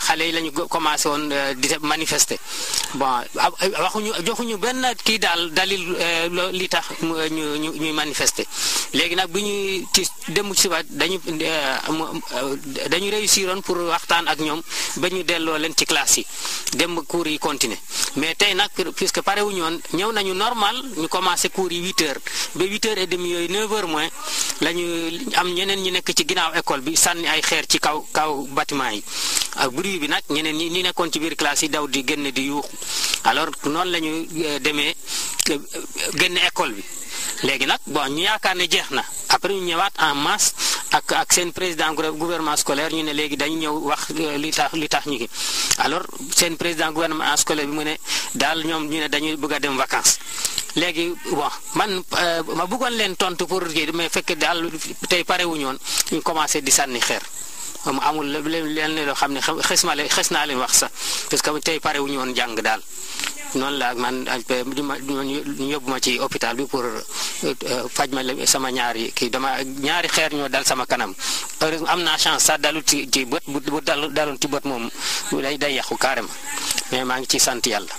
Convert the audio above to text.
xale yi lañu commencé woon euh, di manifester bon waxuñu joxuñu benn kii daal dalil euh, li tax ñu ñu ñuy manifester léegi nag bi ñuy ci dem suba dañu euh, dañu oon pour waxtaan ak ñoom ba ñu delloo leen ci classe yi dem cours yi continuer mais tey nag puisque pare wuñu woon ñëw nañu normal ñu commencé cours yi huit heures ba huit et demi yooyu neuf heures moins lañu am ñeneen ñi nekk ci ginnaaw école bi sànni ay xeer ci kaw kaw bâtiment yi ak bruit bi nag ñeneen ñi ñi nekkoon ci biir classe yi daw di génn di yuux alors noonu la ñu euh, demee euh, génn école bi léegi nag bon ñu yaakaar ne jeex na après ñu ñëwaat en masse ak ak seen président gouvernement scolaire ñu ne léegi dañu ñëw wax euh, li tax li tax ñu ki alors seen président gouvernement scolaire bi mu ne daal ñoom ñu ne dañuy bëgg a dem vacances léegi bon man euh, ma buggoon leen tontu pour kii mais fekk daal tey parewuñoon wuñu woon ñu commencé di sànni xeer mu amul leen loo xam ne xes ma leen xes naa leen wax sax parce que tey pare wuñu woon jàng daal. noonu la man ñu yóbbu ma ci hôpital bi pour euh, faj ma sama ñaari kii dama ñaari xeer ñoo dal sama kanam heureusement am naa chance sax dalu ci ci bët bu daloon ci bët moom day day yàqu carrément mais maa ngi ci sant yàlla.